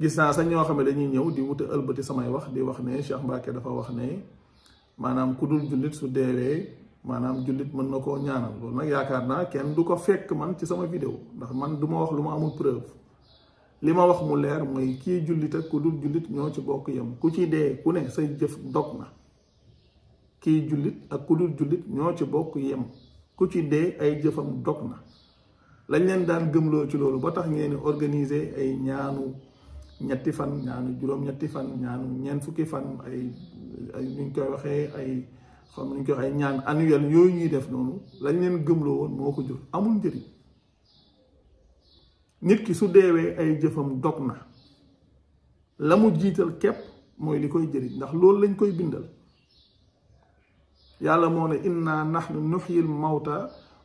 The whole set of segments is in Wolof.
gis naa sax ñoo xam ne dañuy ñëw di wute ëlbati samay wax di wax ne Cheikh Mbacke dafa wax ne maanaam ku dul jullit su deewee maanaam jullit mën na koo ñaanal loolu nag yaakaar naa kenn du ko fekk man ci sama vidéo ndax man du ma wax lu ma amul preuve li ma wax mu leer mooy kii jullit ak ku dul jullit ñoo ci bokk yem ku ci dee ku ne say jëf dog na kii jullit ak ku dul jullit ñoo ci bokk yem ku ci dee ay jëfam dog na lañ leen daan gëmloo ci loolu ba tax ngeen di organiser ay ñaanu. ñetti fan ñaanu juróom-ñetti fan ñaanu ñeent fukki fan ay ay nuñ koy waxee ay xam nuñ koy waxee ay ñaan annuel yooyu ñuy def noonu lañ leen gëmloo woon moo ko jur amul njëriñ nit ki su deewee ay jëfam dog na la mu jiital képp mooy li koy jëriñ ndax loolu lañ koy bindal yàlla moo ne inna nahnu nuxyil mawta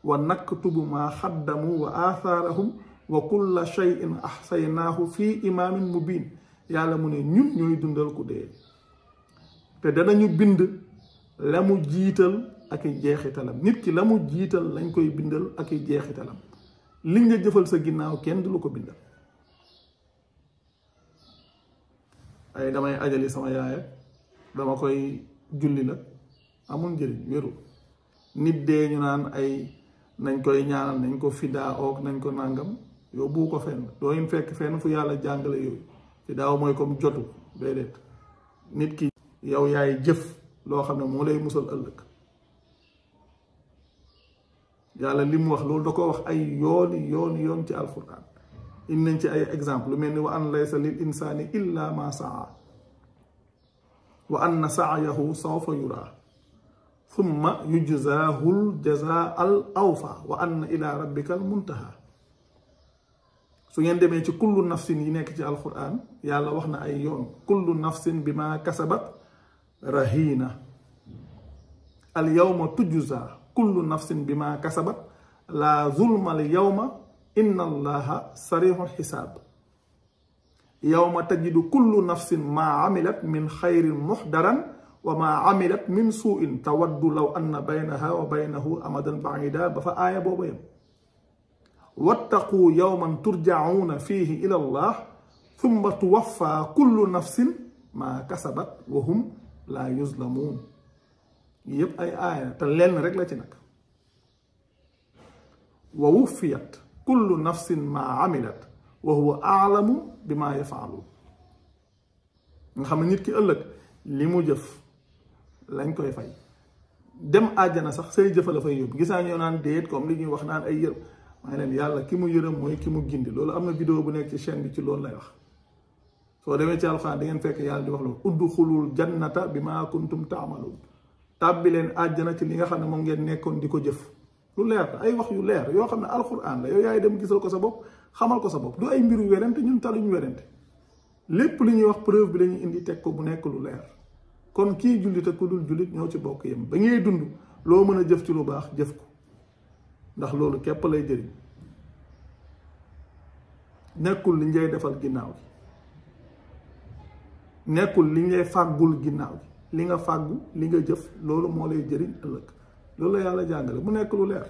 wa naktubu ma xaddamu wa aathaarahum وكل شيء احصيناه في امام مبين يالا موني نون نوي دوندال كو دي تي دا نيو بيند لامو جيتال اك جيختالام نيت كي لامو جيتال لا نكوي بيندال اك جيختالام لين دا جيفال سا غيناو كين دلو كو بيندال اي داماي اجالي سما يايا داما كوي جولي لا امون جيري ميرو نيت دي ني نان اي نانكوي نيانال نانكو فيدا اوك نانكو نانغام yóbbu ko fenn doo yim fekk fenn fu yàlla jàngale yooyu ci daaw mooy comme jotu déedéet nit ki yow yaay jëf loo xam ne moo lay musal ëllëg yàlla li mu wax loolu da ko wax ay yooni yoon yoon ci alquran in nañ ci ay exemple lu mel ni wa an laysa lil insaani illa ma saa wa anna saayahu sawfa yuraa thumma yujzaahu al jazaa al awfa wa anna ila rabbika al muntaha su ngeen demee ci kullu nafsin yi nekk ci alquran yàlla wax na ay yoon kullu nafsin bima kasabat rahina al yawma tujza kullu nafsin bima kasabat la zulma al yawma inna allaha sarihul hisab yawma tajidu kullu nafsin ma amilat min khairin muhdaran وما عملت من سوء تود لو أن بينها وبينه أمدا بعيدا amadan baida ba واتقوا يوما ترجعون فيه إلى الله ثم توفى كل نفس ما كسبت وهم لا يظلمون يب أي آية تلين رجلتنك ووفيت كل نفس ما عملت وهو أعلم بما يفعلون نحن xam ne nit ki ëllëg دم mu jëf lañ koy dem àjjana sax say jëfa la fay ñu naan déet comme li ñuy wax naan ay maa leen yàlla ki mu yërëm mooy ki mu gindi loolu am na vidéo bu nekk ci chaîne bi ci loolu lay wax soo demee ci alxuraan di ngeen fekk yàlla di wax loolu udxulul jannata bi maa kuntum taamaloon tàbbi leen àjjana ci li nga xam ne moom ngeen nekkoon di ko jëf lu leer la ay wax yu leer yoo xam ne alxuraan la yow yaay dem gisal ko sa bopp xamal ko sa bopp du ay mbiru werante ñun taluñu werante lépp lu ñuy wax preuve bi lañuy indi teg ko bu nekk lu leer kon kii jullit ak ku dul ñoo ci bokk yem ba ngay dund loo mën a jëf ci lu baax jëf ko ndax loolu képp lay jëriñ nekkul li ngay defal ginnaaw gi nekkul li ngay fàggul ginnaaw gi li nga fàggu li nga jëf loolu moo lay jëriñ ëllëg loolu la yàlla jàngale mu nekk lu leer